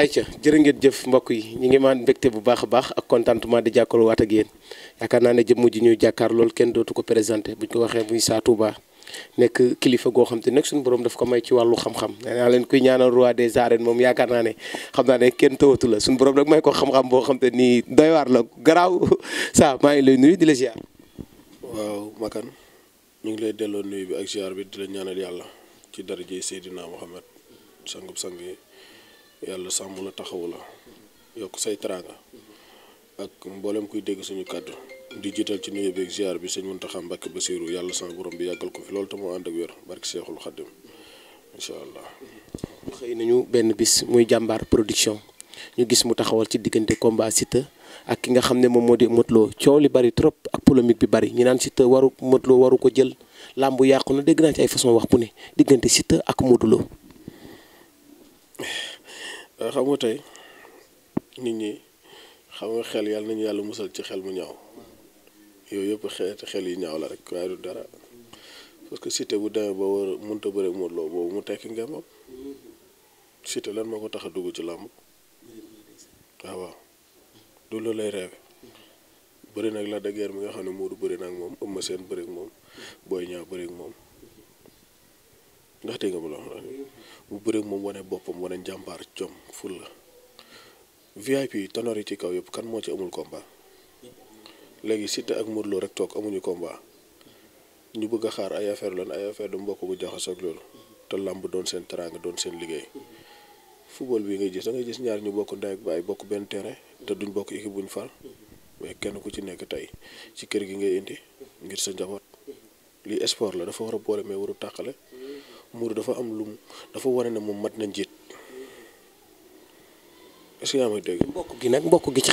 ayca jërë ngeen jëf mbokk yi ñu ngi maan mbégte bu baax a baax ak contentement di jàkkaarloo waat ak yéen yaakaar naa ne jëmm ji ñuy jàkkaar loolu kenn dootu ko présenté buñ ko waxee muy Sa Touba nekk kilifa goo xam te nekk suñu borom daf ko may ci wàllu xam-xam nee naa leen kuy ñaanal roi des arènes moom yaakaar naa ne xam naa ne kenn tawatu la suñu borom nag may ko xam-xam boo xam te nii doy waar la garaaw saa maa ngi lay nuyu di la ziar. waaw Makan ñu ngi lay delloo nuyu bi ak ziar bi di la ñaanal yàlla ci daraja Seydina Mohamed sangub sang yi yàlla sàmm la taxawu la yokk say teraanga ak mboolem kuy dégg suñu kàddu di jiital ci nuyu beeg ziar bi sëñ Muntaxa Mbàkke Basiiru yàlla sama borom bi yàggal ko fi loolu te moo ànd ak wér barki seexul xaddim incha allah. ñu xëy nañu benn bis muy jàmbaar production ñu gis mu taxawal ci diggante combat Siteu ak ki nga xam ne moom moo di Modou Lo coow li bari trop ak polémique bi bari ñu naan Siteu waru Modou waru ko jël làmbu yàqu na dégg naa ci ay façon wax bu ne diggante Siteu ak Modou Euh, xam nga tey nit ñi xam nga xel yàlla nañu yàlla musal ci xel mu ñaaw yooyu yëpp xeeti xel yi ñaaw la rek waaye du dara parce que Siteu bu demee ba war a mënta bëre Modou Lo boobu mu tekki ngëmam Siteu lan moo ko tax a dugg ci làmb waaw ah, waaw du lay reewe bëri nag la de guerre mi nga xam ne Modou bëri nag moom Eumeu Sène bëri ak moom booy Niang bëri moom. ndax dégg nga bu loolu bu bëree moom wane boppam wane njàmbaar jom ful la VIP tanoor yi ci kaw yëpp kan moo ci amul komba léegi Siteu ak Modou Lo rek toog amuñu combat ñu bëgg a xaar ay affaire lan ay affaire du mbokk bu jaxasoo ak loolu te làmb doon seen teraanga doon seen liggéey football bi ngay gis da ngay gis ñaar ñu bokk ndey ak baay bokk benn terrain te duñ bokk équipe buñ far mais kenn ku ci nekk tey ci kër gi ngay indi ngir sa njaboot lii sport la dafa war a boole mais waru tàqale. muur dafa am lu dafa wane ne moom mat na njiit est-ce dégg. mbokk gi nag mbokk gi ci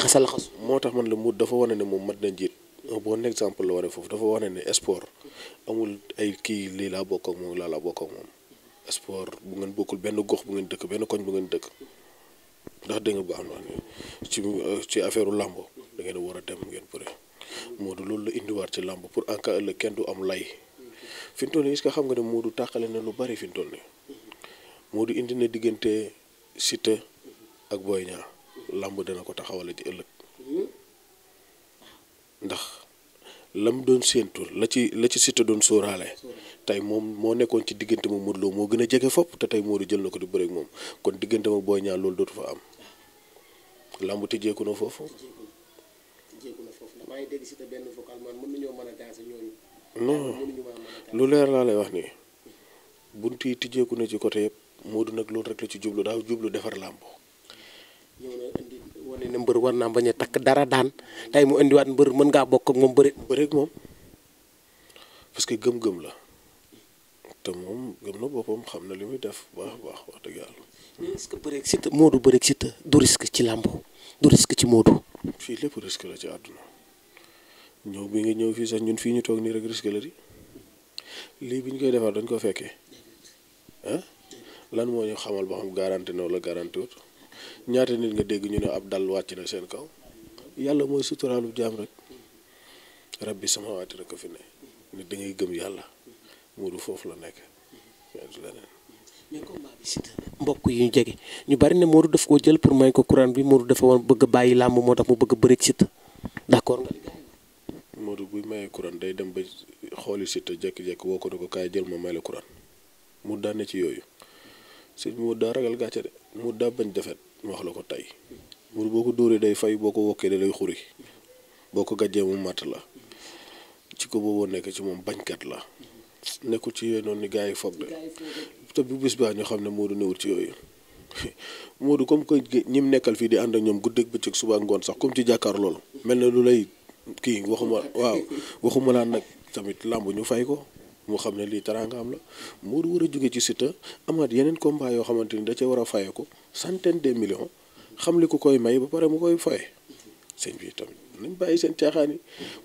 moo tax man la Modou dafa wane ne moom mat na njiit un bon exemple la wane foofu dafa wane ne sport amul ay kii lii laa bokk ak moom laa laa bokk moom sport bu ngeen bokkul benn gox bu ngeen dëkk benn koñ bu ngeen dëkk ndax dégg nga am na ci ci affaire làmb da ngeen war a dem ngeen bëre Modou loolu la indiwaat ci làmb pour en cas ëllëg kenn du am lay. fi mu toll nii est xam nga ne Modou tàqale na lu bari fi mu toll nii Modou indi na diggante Siteu ak Boy Niang làmb dana ko taxawale ci ëllëg ndax lam doon séentu la ci la ci Siteu doon sóoraale tey moom moo nekkoon ci diggante ma Modou moo gën a jege fopp te tey Modou jël na ko di bëre moom kon diggante ma Boy Niang loolu dootu fa am làmb te jéeku na foofu. na foofu ndax maa ngi dégg Siteu non lu leer laa lay wax nii bunt yi tijjeeku na ci côté yëpp Modou nag loolu rek la ci jublu daaw jublu defar làmb. na mbër war naa bañ a takk dara daan tey mu indiwaat mbër mën ngaa bokk ak moom bëri bëreeg moom parce que gëm-gëm la te moom gëm na boppam xam na li muy def baax baax wax dëgg yàlla. est-ce que bëreeg Siteu Modou bëreeg Siteu du risque ci làmb du risque ci Modou. fii lépp risque la ci àdduna. ñëw bi nga ñëw fii sax ñun fii ñu toog nii rek risque la lii bi ñu koy defar dañ ko fekkee lan moo ñu xamal ba xam garanti na wala garanti ñaata nit nga dégg ñu ne ab dal wàcc na seen kaw yàlla mooy suturaalu jaam rek bi sama waati rek ko fi ne ne da gëm yàlla Modou foofu la nekk leneen mais combat bi mbokk yi ñu jege ñu bari ne Modou daf koo jël pour may ko courant bi Modou dafa war bëgg a bàyyi làmb moo tax mu bëgg a bëri Siteu d'accord Modou buy maye couronne day dem ba xooli Siteu jékki-jékki woo ko ne ko kaay jël ma may la couronne mu daan ne ci yooyu si mu daa ragal gàcce de mu daa bañ defet mu wax la ko tey mu boo ko dóoree day fay boo ko wokkee da lay xuri boo ko gàjjee mu matt la ci ko booboo nekk ci moom bañkat la nekkul ci yooyu noonu ni gars yi foog de te bu bis baa ñu xam ne Modou newul ci yooyu Modou comme que ñim nekkal fii di ànd ñoom guddeeg bëccëg suba ngoon sax comme ci jàkkaar kii waxuma waaw waxuma naan nag tamit làmb ñu fay ko mu xam ne lii teraangaam la moo war a jóge ci Siteu amaat yeneen combat yoo xamante ni da cee war a faye ko centaine de millions xam li ku koy may ba pare mu koy faye sëñ bi tamit nañ bàyyi seen caaxaan yi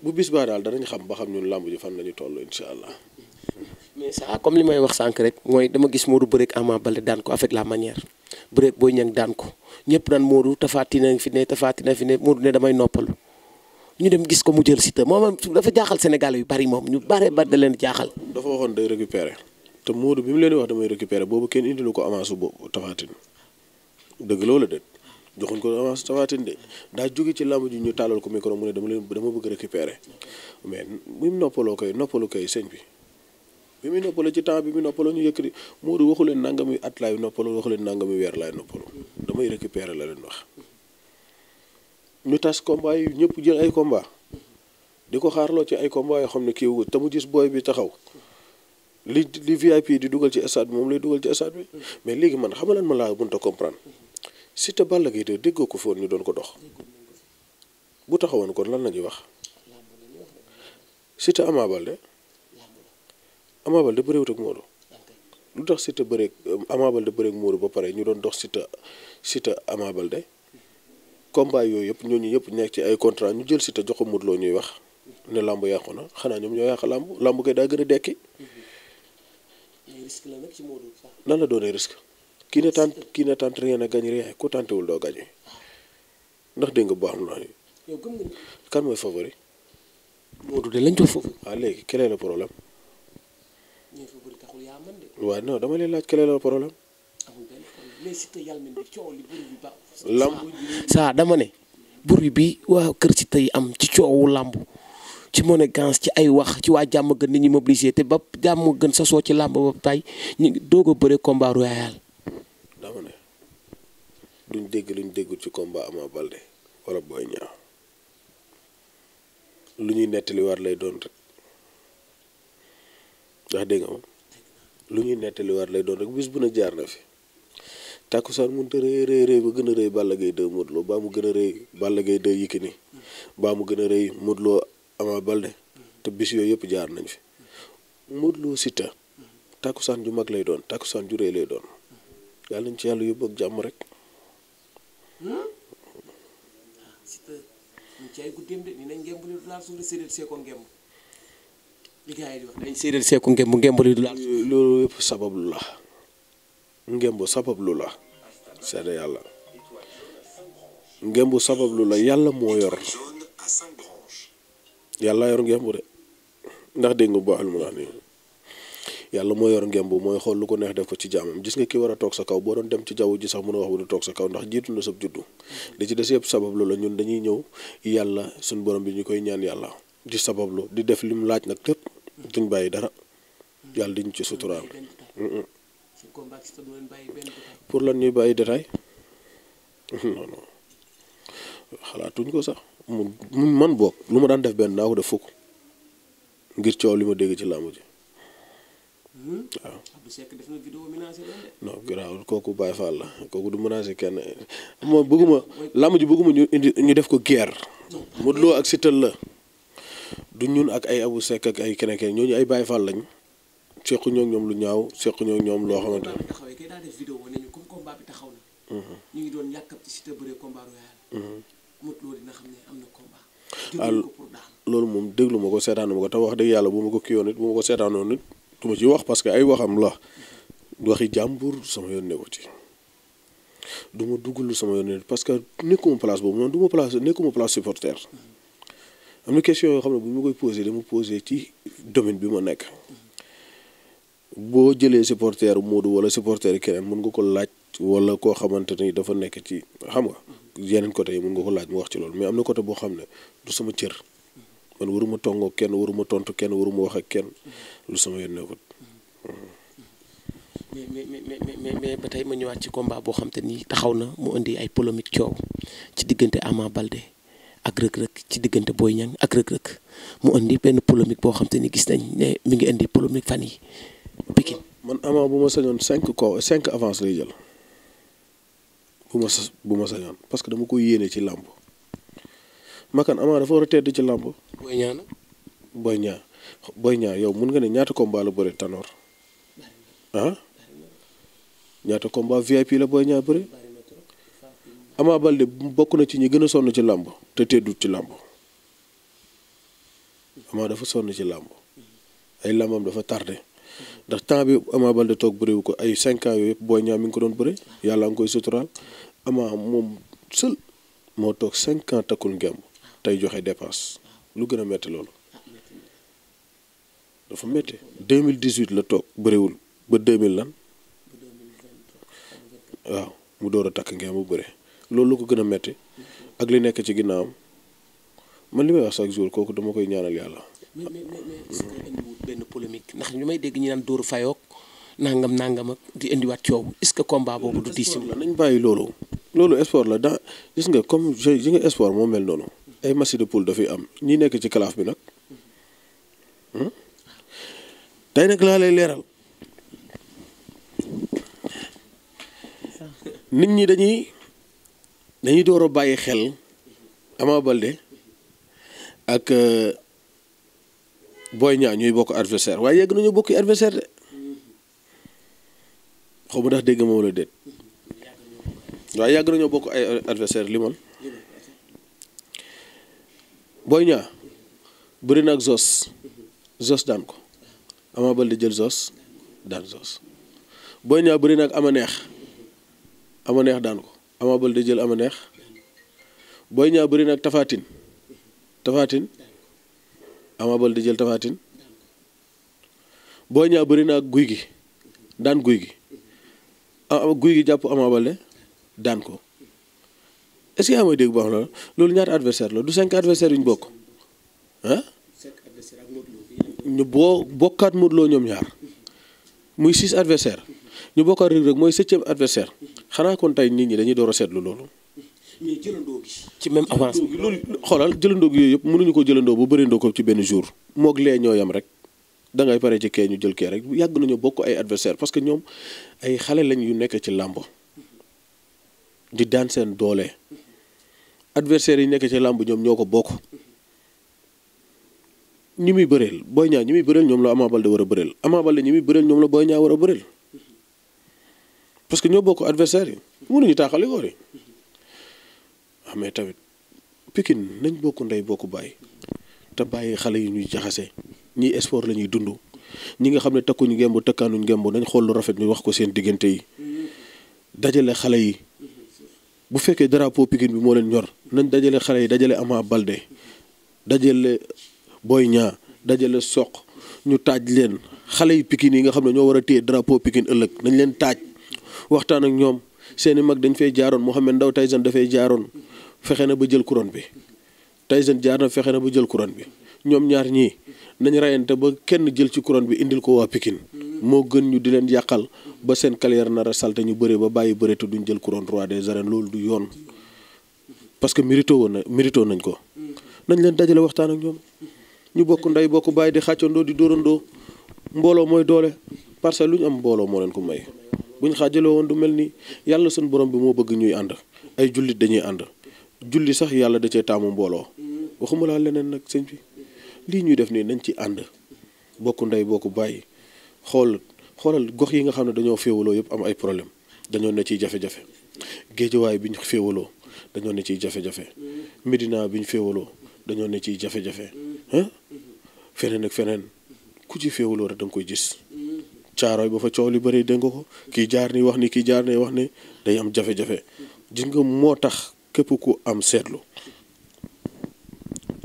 bu bis baa daal danañ xam ba xam ñun làmb ji fan lañu toll incha allah. comme li may wax sànq rek mooy dama gis Modou bëreeg Ama Baldé daan ko avec la manière bëreeg Boy Niang daan ko ñëpp naan Modou tafaati na ñu dem gis ko mu jël Siteu moom dafa jaaxal senegal yu bari moom ñu bare bari leen jaaxal. dafa waxoon day récupérer te Modou bi mu leen wax damay récupérer boobu kenn indilu ko avance su boobu Tapha Tine dëgg loola de joxuñ ko avance Tapha Tine de daa jóge ci làmb ji ñu tàllal ko micro mu ne dama leen dama bëgg récupérer mais bi mu noppaloo koy noppalu koy sëñ bi. bi muy noppaloo ci temps bi muy noppaloo ñu yëkkati Modou waxu leen nangami at laay noppaloo waxu leen nangami weer laay noppaloo damay récupérer la leen wax. ñu tas combat yi ñëpp jël ay combat di ko xaarloo ci ay combat yoo xam ne kii te mu gis booy bi taxaw li li VIP di dugal ci stade moom lay dugal ci stade bi mais léegi man xam nga lan ma laa mënta comprendre Siteu Balla Gaye déggoo ko foon ñu doon ko dox bu taxawoon kon lan la ñuy wax Siteu Ama Baldé Ama Baldé bëreewut ak Modou lu tax Siteu bëreeg Ama Baldé bëreeg Modou ba pare ñu doon dox Siteu Siteu Ama Baldé combat yooyu yëpp ñooñu yëpp nekk ci ay contrat ñu jël si te jox loo ñuy wax ne làmb yàqu na xanaa ñoom ñoo yàq làmb làmb kay daa gën a dekki. risque la nag nan la doonee risque. kii ne tànt kii ne tànt rien a gañ rien ku tàntewul doo gañe ndax dégg nga bu baax naa ni. yow kan mooy favori. Modou de lañ jox foofu. waaw ah, léegi quel est le problème. ñooy favori taxul yaa mën dama leen laaj quel est le lamb saa dama ne bruit bi waa kër Siteu yi am ci coowu làmb ci monégas ci ay wax ci waa jàmm gën ni ñu mobilisé te ba jàmm gën sasoo ci làmb ba tay ñu ngi doog a bëre duñ dégg luñ déggul ci combat Ama lu ñuy nettali war lay doon rek ndax dégg nga lu ñuy nettali war lay doon rek bis bu ne jaar na fi. tàkkusaan mënut a rëy rëy rëy ba gën a rëy Balla Gaye 2 Modou baa mu gën a rëy Balla Gaye 2 Yékini baa mu gën a rëy Modou Lo Ama Baldé te bis yooyu yëpp jaar nañ fi Modou Lo Siteu tàkkusaan ju mag lay doon tàkkusaan ju rëy lay doon yàlla nañ ci yàlla yóbbu ak jàmm rek. Hmm? ci ay nañ ngemb li du laal suuf de séeréer seeko ngemb li la ngemb sabab la seede yàlla ngémbu sabablu la yàlla moo yor yàlla yor ngémbu ndax dégg nga bu baaxul mu naan nii yàlla moo yor mooy xool lu ko neex def ko ci jaamam jis nga kii war a toog sa kaw boo doon dem ci jaww ji sax mën a wax bu du toog sa kaw ndax jiitu na sab juddu li ci des yëpp sabablu la ñun dañuy ñëw yàlla suñ borom bi ñu koy ñaan yàlla di sabablu di def li laaj nag lépp duñ bàyyi dara yàlla diñ ci suturaal. pour lan ñuy bàyyi détail xalaatuñ ko sax mu man boog lu ma daan def benn naa ko def fukk ngir coow li ma dégg ci làmb ji hmm? waaw. non kooku Baye Fall la kooku du menacer kenn moom bëgguma làmb ji bëgguma ñu indi ñu def ko guerre. Modou Lo ak Siteu la du ñun ak ay Abou Seck ak ay keneen keneen ñooñu ay Baye Fall lañu. sequ ñoo ñoom lu ñaaw sequ ñoo ñoom loo xamante ne. taxawee mhm. ñu ngi doon yàkkab ci Siteu bëree mhm. loolu moom déglu ma ko seetaanu ma ko te wax dëgg yàlla bu ma ko kiiwoon nit bu ma ko seetaanoon nit du ma ci wax parce que ay waxam la. Mhm. waxi jàmbur sama yoon ne ko ci. du ma dugg lu sama yoon ne parce que nekkuma place boobu noonu du ma place nekkuma place supporter am na question yoo xam ne bu ma koy posé dama posé ci domaine bi ma nekk. boo jëlee supporteru Modou wala supporter keneen mun nga ko laaj wala koo xamante ni dafa nekk ci xam nga yeneen côté yi mun nga ko laaj mu wax ci loolu mais am na boo xam ne du sama cër man waruma tongoo kenn waruma tontu kenn waruma wax ak kenn lu sama yoon nekkut mhm. mais mais mais mais ba tey ma ñëwaat ci combat boo xam te ni taxaw na mu indi ay polémique coow ci diggante Ama Balde ak Reug Reug ci diggante Boy Niang ak Reug Reug mu indi benn polémique boo xam te ni gis nañ ne mi ngi indi polémique fan yi man Ama bu ma sañoon cinq ko cinq avance lay jël bu ma bu ma sañoon parce que dama ko yéene ci làmb makan Ama dafa war tedd ci làmb. Boy Niang nag. Boy Niang Boy yow mun nga ne ñaata combat la bëre Tanor ah ñaata combat VIP la Boy Niang bëre Ama Baldé bokk na ci ñi gën a sonn ci làmb te teddut ci làmb Ama dafa sonn ci làmb ay làmbam dafa tardé. ndax temps bi Ama Baldé toog bëriwu ko ay 5 ans yooyu yëpp Boy Niang mi ngi ko doon bëri yàlla nga koy suturaal Ama moom seul moo toog 5 ans takkul ngemb tey joxe dépense lu gën a metti loolu dafa métti 2018 la toog bëriwul ba 2000 lan waaw mu door a takk ngemb bu bëri loolu lu ko gën a metti ak li nekk ci ginnaawam man li may wax chaque jour kooku dama koy ñaanal yàlla. ndax may dégg ñu naan dóoru fayook nangam nangam ak di indiwaat yow est-ce que combat boobu du diis. la nañ bàyyi loolu. loolu sport la da gis nga comme je gis nga sport moo mel noonu. ay match de poule dafay am ñi nekk ci kalaaf bi nag. Hmm? nag laa lay leeral. nit ñi dañuy dañuy door a bàyyi xel Ama Baldé ak. Euh, Boy Niang ñuy bokk adversaire waaye yegg nañu bokki adversaire de xaw ma ndax dégg ma wala déet waaye yàgg nañoo bokk ay adversaire li moon Boy Niang bëri na ak Zos Zos daan ko Ama Baldé jël Zos daan Zos Boy Niang bëri na ak Ama Neex Ama Neex daan ko Ama Baldé jël Ama Neex Boy Niang bëri na ak Tapha Tine Ama Baldé jël Tapha booy Boy Niang na ak guy gi daan guy gi guy gi jàpp Ama Baldé daan ko est-ce que yaa loolu loolu ñaata la du cinq adversaire yu ñu bokk ah ñu boo bokkaat Modou Lo ñoom ñaar muy six adversaire ñu bokkaat Reug Reug mooy septième adversaire xanaa kon tey nit ñi dañuy door a seetlu loolu mais jëlandoo ci même avance bi xoolal jëlandoo gi yooyu yëpp mënuñu ko jëlandoo bu bërindoo ko ci benn jour. mook lee ñoo yam rek dangay ngay pare ci kee ñu jël kee rek yàgg nañu bokk ay adversaire parce que ñoom ay xale lañ yu nekk ci làmb di daan seen doole adversaire yi nekk ci làmb ñoom ñoo ko bokk ñi muy bëreel Boy Niang ñi muy bëreel ñoom la Ama Baldé war a bëreel Ama Baldé ñi muy bëreel ñoom la booy Niang war a bëreel parce que ñoo bokk adversaire yi mënuñu taaxali ko Ah, mais tamit pikin nañ bokk ndey bokk bàyyi te bàyyi xale yi ñuy jaxase ñii sport la ñuy dund ñi nga xam ne takkuñu ngemb takkaanuñ ngemb dañ xool lu rafet ñu wax ko seen diggante yi dajale xale yi bu fekkee drapeau pikin bi moo leen ñor nañ dajale xale yi dajale Ama Balde dajale Boy Niang dajale soq ñu taaj leen xale yi pikin yi nga xam ne ñoo war a téye drapeau pikin ëllëg nañ leen taaj waxtaan ak ñoom seeni mag dañ fay jaaroon moo xam Mouhamed Ndaw Tyson dafay jaaroon fexe na ba jël couronne bi Tyson jaar na fexe na ba jël couronne bi ñoom ñaar ñii nañ reyante ba kenn jël ci couronne bi indil ko waa Pikine moo gën ñu di leen yàqal ba seen carrière na a salte ñu bëree ba bàyyi bëre te duñ jël couronne roi des arènes loolu du yoon parce que mérito woon na mérito nañ ko nañ leen dajale waxtaan ak ñoom ñu bokk ndey bokk bàyyi di xàccandoo di dóorandoo mbooloo mooy doole parce que lu ñu am mbooloo moo leen ko may buñ xaajaloo woon du mel ni yàlla suñu borom bi moo bëgg ñuy ànd ay jullit dañuy ànd julli sax yàlla da cee taamu mbooloo waxuma laa leneen nag sëñ bi lii ñuy def nii nañ ci ànd bokk ndey bokk bàyyi xool xoolal gox yi nga xam ne dañoo féewaloo yëpp am ay problème dañoo ne ciy jafe-jafe géejawaay bi féewaloo dañoo ne ciy jafe-jafe bi ñu féewaloo dañoo ne ciy jafe feneen ak feneen ku ci féewaloo rek da koy gis caarooy ba fa coow li bëri dégg nga ko kii jaar ni wax ni kii jaar ne wax ne day am jafe-jafe gis moo tax képp ku am seetlu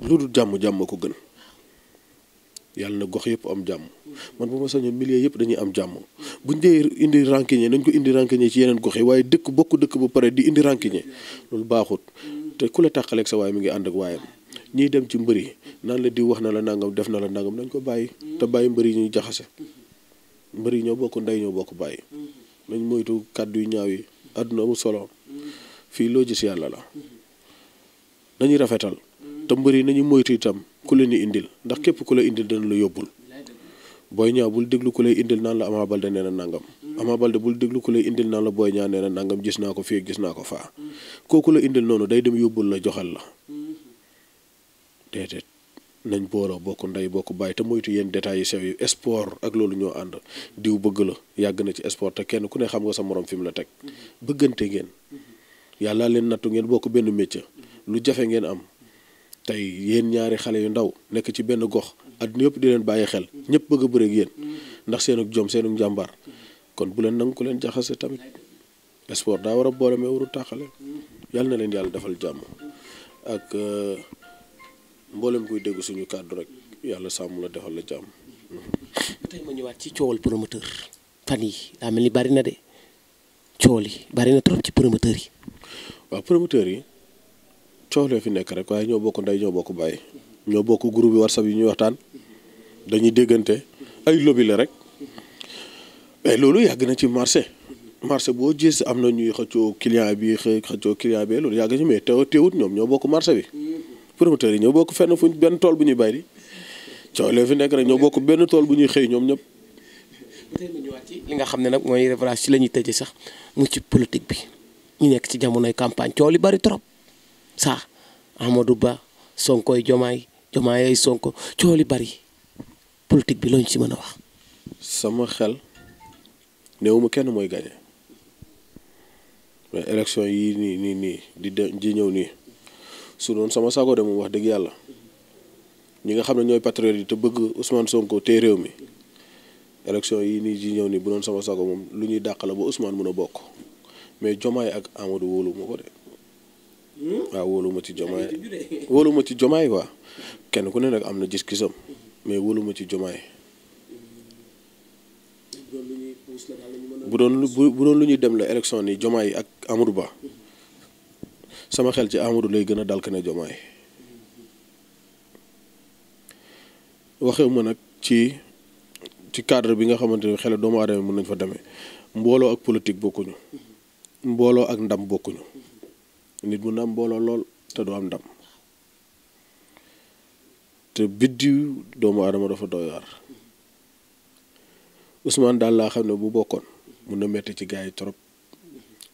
lu dul jàmm jàmm ko gën yàlla na gox yëpp am jàmm man bu ma sañoon milliers yëpp dañuy am jàmm bu dee indi rancunier nañ ko indi rancunier ci yeneen gox yi waaye dëkk bokk dëkk ba pare di indi rancunier loolu baaxut te ku la tàqaleeg sa waay mi ngi ànd ak waayam ñiy dem ci mbëri naan la di wax na la nangam def na la nangam nañ ko bàyyi te bàyyi mbëri ñuy jaxase mbëri ñoo bokk ndey ñoo bokk bàyyi nañ moytu kàddu yu ñaaw àdduna amul solo fii loo gis yàlla la nañu rafetal te mbër yi nañu moytu itam ku leen di indil ndax képp ku la indil dana la yóbbul booy ñaa bul déglu ku lay indil naan la Ama Baldé nee nangam Ama Baldé bul déglu ku lay indil la booy ñaa nee na nangam gis naa ko fii gis naa ko faa kooku la indil noonu day dem yóbbul la joxal la déedéet nañ booloo bokk ndey bokk bàyyi te moytu yenn détails yi sew yi sport ak loolu ñoo ànd diw bëgg la yàgg na ci sport te kenn ku ne xam nga sa moroom fi mu la teg bëggante ngeen yàlla leen nattu ngeen bokk benn métier lu jafe ngeen am tey yéen ñaari xale yu ndaw nekk ci benn gox àdduna yëpp di leen bàyyi xel ñëpp bëgg a bëre ak ndax seen ak jom seen ak kon bu leen nangu ko leen jaxase tamit sport daa war a boole mais waru taaxale yàlla na leen yàlla defal jàmm ak euh, mboolem kuy dégg suñu kàddu rek yàlla sàmm la defal la jàmm. tey ñëwaat ci coowal promoteur fan yi daa mel ni bari na de coow li bari na trop ci promoteur yi. waaw promoteurs yi coow la fi nekk rek waaye ñoo bokk ndey ñoo bokk bàyyi ñoo bokk groupe yi whatsapp yi ñuy waxtaan dañuy déggante ay lobby rek mais loolu yàgg na ci marché marché boo gis am na ñuy xëccoo client bi xëccoo client bi loolu yàgg na ci mais teewut ñoom ñoo bokk marché bi promoteurs yi ñoo bokk fenn fuñ benn tool bu ñuy bay di coow la fi nekk rek ñoo bokk benn tool bu ñuy xëy ñoom ñëpp. li nga xam ne nag mooy révélation la ñuy tëjee sax mu ci politique bi. ñu nekk ci jamonoy campagne coow li bari trop sax Amadou Ba Sonkoy Jomaay Jomaay ay Sonko coow li bari politique bi looñ ci mën a wax. sama xel néew ma kenn mooy gagné mais élection yii nii nii nii di de di ñëw nii su doon sama sago de moom wax dëgg yàlla ñu nga xam ne ñooy patriote yi te bëgg Ousmane Sonko te réew mi élection yi nii ji ñëw nii bu doon sama sago moom lu ñuy dàq la ba Ousmane mun a bokk. mais Jomaay ak Amadou wóolu ma ko de. waaw hmm? ah, wóolu ma ci Jomaay wóolu ma ci Jomaay waa kenn ku ne nag am na gis-gisam mais wóolu ma ci Jomaay. bu doon lu bu doon lu ñuy dem la élection ni Jomaay ak Amadou Ba sama xel ci Amadou lay gën a dal que ne Jomaay waxew ma nag ci ci cadre bi nga xamante ne xel doomu aadama mën nañ fa demee mbooloo ak politique bokkuñu. mbooloo ak ndam bokkuñu nit mun na mbooloo lool te du am ndam te biddiw doomu aadama dafa doyar waar daal laa xam ne bu bokkoon mun na metti ci gars yi trop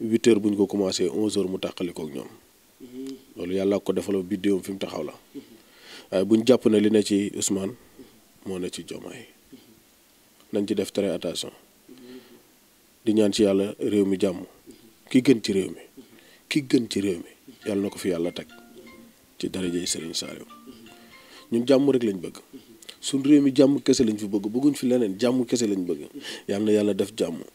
huit heures ko commencé onze heures mu tàqalikook ñoom loolu yàlla ko defaloo biddiwam fi mu taxaw la waaye buñ jàpp na li ne ci Ousmane moo ne ci Diomaye nañ ci def très attention di ñaan ci yàlla réew mi jàmm ki gën ci réew mi ki gën ci réew mi yàlla na ko fi yàlla teg ci darajey Serigne Saliou ñun jàmm rek lañ bëgg suñ réew mi jàmm kese lañ fi bëgg bëgguñ fi leneen jàmm kese lañ bëgg yàlla na yàlla def jàmm bu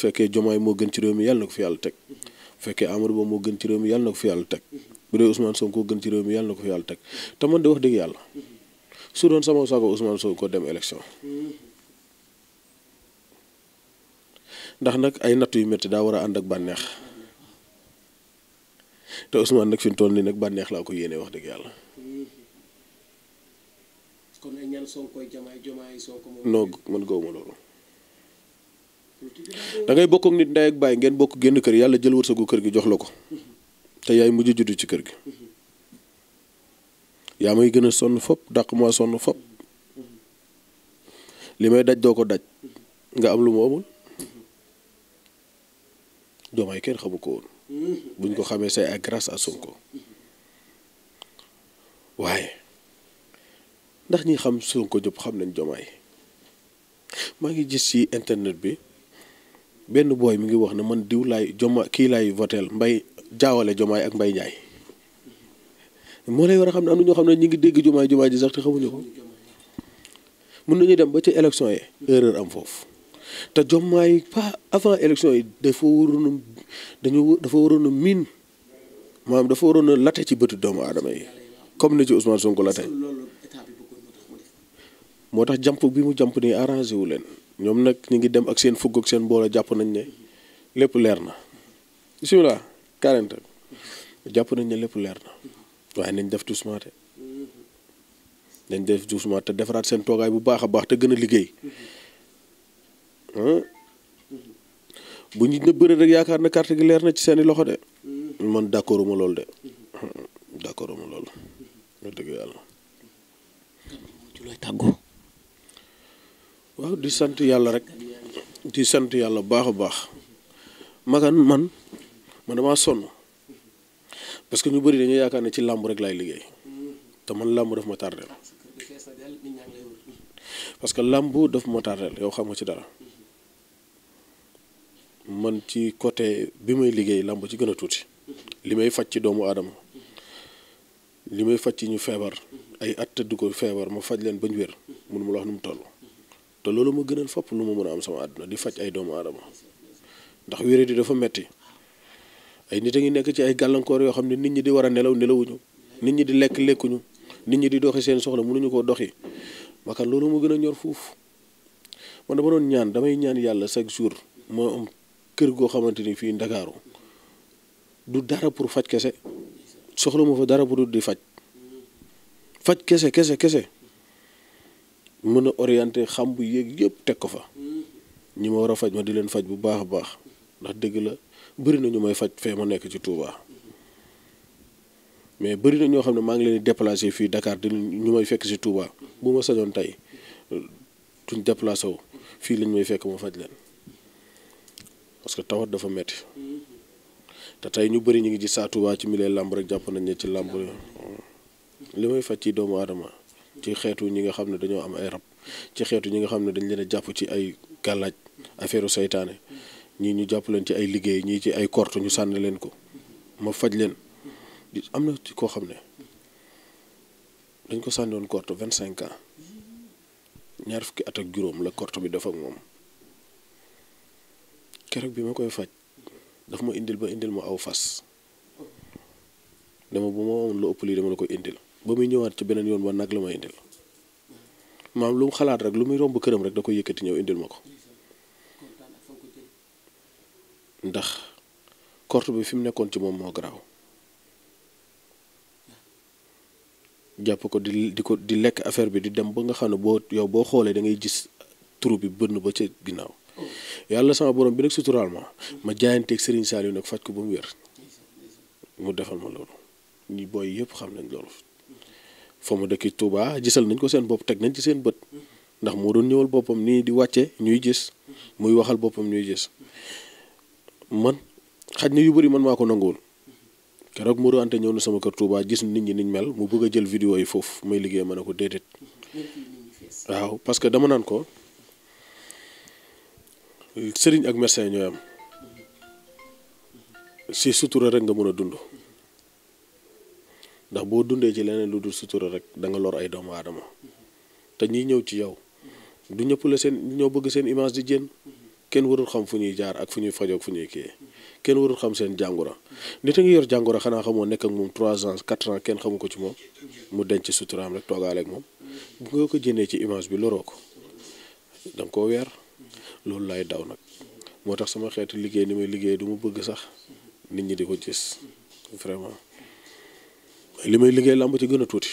fekkee Jomaay moo gën ci réew mi yàlla na ko fi yàlla teg bu fekkee Amadou Ba moo gën ci réew mi yàlla na ko fi yàlla teg bu dee Ousmane gën ci réew mi yàlla ko yàlla teg te man de wax dëgg yàlla su doon sama saako Ousmane Sonko dem élection ndax nag ay natt yu métti daa war a ànd ak bànneex te Ousmane nag fi mu toll nii nag bànneex laa ko yéene wax dëgg yàlla. kon ay ñaan soo koy jamaay jamaay soo ko moom. non man gawuma loolu. da ngay nit ndey ak baay ngeen bokk génn kër yàlla jël wërsëgu kër gi jox la ko. te yaay mujj juddu ci kër gi. yaa may gën a sonn fop dàq maa sonn fop. li may daj doo ko daj. nga am lu mu amul. Diomaye kenn xamu ko woon buñ ko xamee c'est grâce à ko waaye ndax ñi xam Sonko jëpp xam nañ Diomaye maa ngi gis ci internet bi benn booy mi ngi wax ne man diw laay Joma kii laay voteel mbay jaawale Diomaye ak mbay Ndiaye moo lay war a xam ne am na ñoo xam ne ñu ngi dégg Diomaye Diomaye ji sax te xamuñu ko mun nañu dem ba ci élection yi erreur am foofu te Diomaye pas avant élection yi dafa waroon dañu dafa waroon miin maanaam dafa waroon a late ci bëtu doomu aadama yi comme ni ci Ousmane Sonko late moo tax jàmp bi mu jàmp nii arrangé wu leen ñoom nag ñu ngi dem ak seen fugg ak seen mbooloo jàpp nañ ne lépp leer na bisimilah quarante jàpp nañ ne lépp leer na waaye nañ def doucement te mm-hmm. nañ def doucement te defaraat seen toogaay bu baax a baax te gën a liggéey mm-hmm. bu ñu ne bëre rek yaakaar na carte gi leer na ci seeni loxo de man d'accord ma loolu de d'accord ma loolu wax dëgg yàlla. ci looy di sant yàlla rek di sant yàlla baax a baax magan man man damaa sonn parce que ñu bëri dañuy yaakaar ne ci làmb rek laay liggéey te man làmb daf ma tardeel parce que làmb daf ma tardeel yow xam nga ci dara. man ci côté bi may liggéey làmb ci gën tuuti li may faj ci doomu aadama li may faj ci ñu feebar ay at tëdd ko feebar ma faj leen bañ wér mun ma la wax nu mu toll te loolu ma gënal fopp lu ma mën a am sama àdduna di faj ay doomu aadama ndax wéré di dafa metti ay nit a ngi nekk ci ay gàllankoor yoo xam ne nit ñi di war a nelaw nelawuñu nit ñi di lekk lekkuñu nit ñi di doxi seen soxla mënuñu koo doxi makan loolu ma gën a ñor foofu man dama doon ñaan damay ñaan yàlla chaque jour moo am kër goo xamante ni fii Ndakaaru du dara pour faj kese soxla mu fa dara pour di faj faj kese kese kese mën a orienté xam bu yéeg yëpp teg ko fa ñi ma war a faj ma di leen faj bu baax a baax ndax dëgg la bëri na ñu may faj fee ma nekk ci Touba mais bëri na ñoo xam ne maa ngi leen di déplacé fii Dakar di ñu may fekk ci Touba bu ma sañoon tey duñ déplacé wu fii lañ may fekk ma faj leen. parce tawat dafa metti te tey ñu bari ñu ngi gis Sa ci milieu làmb rek jàpp nañ ci làmb li may faj ci doomu aadama ci xeetu ñi nga xam ne dañoo am ay ci xeetu ñi nga xam ne dañ leen a jàpp ci ay gàllaaj affaire seytaane ñii ñu jàpp leen ci ay liggéey ñii ci ay korte ñu sànni leen ko ma faj leen am na ci koo xam ne dañ ko sànni woon korte vingt cinq ans ñaar fukki at ak juróom la kort bi def ak moom keroog bi ma koy faj daf ma indil ba indil ma aw fas dama bu ma woon lu ëpp lii dama la ko indil ba muy ñëwaat ci beneen yoon ba nag la ma indil maam lu mu xalaat rek lu muy romb këram rek da ko yëkkati ñëw indil ma ko ndax korte bi fi mu nekkoon ci moom moo garaaw jàpp ko di di ko di lekk affaire bi di dem ba nga xam ne boo yow boo xoolee da ngay gis trou bi bënn ba ca ginnaaw yàlla sama borom bi nag suturaal ma ma jaayanteeg Serigne Saliou nag faj ko ba mu wér mu defal ma loolu ñi booy yëpp xam nañ loolu fa mu dëkki Touba gisal nañ ko seen bopp teg nañ ci seen bët ndax moo doon ñëwal boppam nii di wàcce ñuy gis muy waxal boppam ñuy gis man xaj na yu bari man maa ko nanguwul keroog Modou Anta ñëw na sama kër Touba gis nit ñi niñ mel mu bëgg a jël video yi foofu may liggéey ma ne ko déedéet waaw parce que dama naan ko. sëriñ ak médecin ñooy am si sutura rek nga mën a dund ndax boo dundee ci leneen lu dul sutura rek da nga lor ay doomu aadama te ñiy ñëw ci yow du ñëpp la seen ñoo bëgg seen image di jéem kenn warul xam fu ñuy jaar ak fu ñuy fajoo fu ñuy kii kenn warul xam seen jàngoro nit a ngi yor jàngoro xanaa xamoo nekk ak moom trois ans quatre ans kenn xamu ko ci moom mu denc suturaam rek toogaale moom bu nga ko jëndee ci image bi loroo ko da nga weer. loolu laay daw nag moo tax sama xeetu liggéey ni may liggéey du ma bëgg sax nit ñi di ko gis vraiment li may liggéey làmb ci gën a tuuti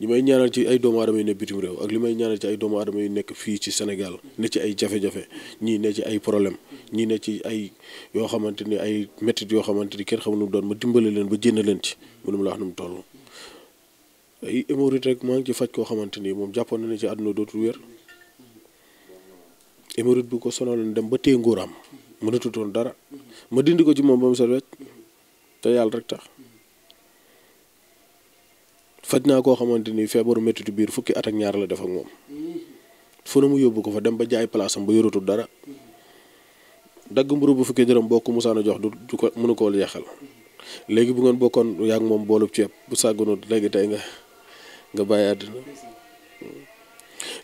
li may ñaanal ci ay doomu aadama yu ne bitim réew ak li may ñaanal ci ay doomu aadama yu nekk fii ci senegal ne ci ay jafe-jafe ñii ne ci ay problème ñii ne ci ay yoo xamante ni ay métit yoo xamante ni kenn xam nu mu doon ma dimbale leen ba jënd leen ci mënuma la wax nu mu toll ay émorite rek maa ngi ci faj koo xamante ni moom jàppoon na ne ci àdduna dootul wér hémorroïde bu ko sonaloon dem ba téye nguuraam mënatutoon dara ma dindi ko ci moom ba mu set wecc te yàlla rek tax faj naa koo xamante ni feebaru méttitu biir fukki at ak ñaar la def ak moom fu mu yóbbu ko fa dem ba jaay palaasam ba yoratul dara dagg mburu bu fukki dërëm bokk musaana jox du du ko mënu koo yeexal léegi bu ngeen bokkoon yaa ngi moom boolub ceeb bu sàggoonut léegi tey nga nga bàyyi àddina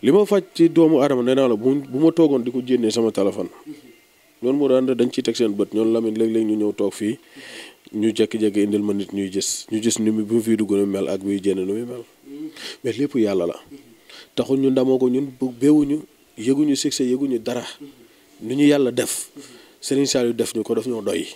li ma faj ci doomu aadama nee naa la bu bu ma toogoon di ko jénnee sama téléphone loolu moo daan dañ ciy teg seen bët ñoom Lamine léeg-léeg ñu ñëw toog fii ñu jékki-jékki indil ma nit ñuy gis ñu gis ni mu bu fii dugg nu mel ak muy jénn nu muy mel mais lépp yàlla la taxul ñu ndamoo ko ñun bewuñu yëguñu succès yëguñu dara nu ñu yàlla def Serigne Saliou def ñu ko def ñoo doy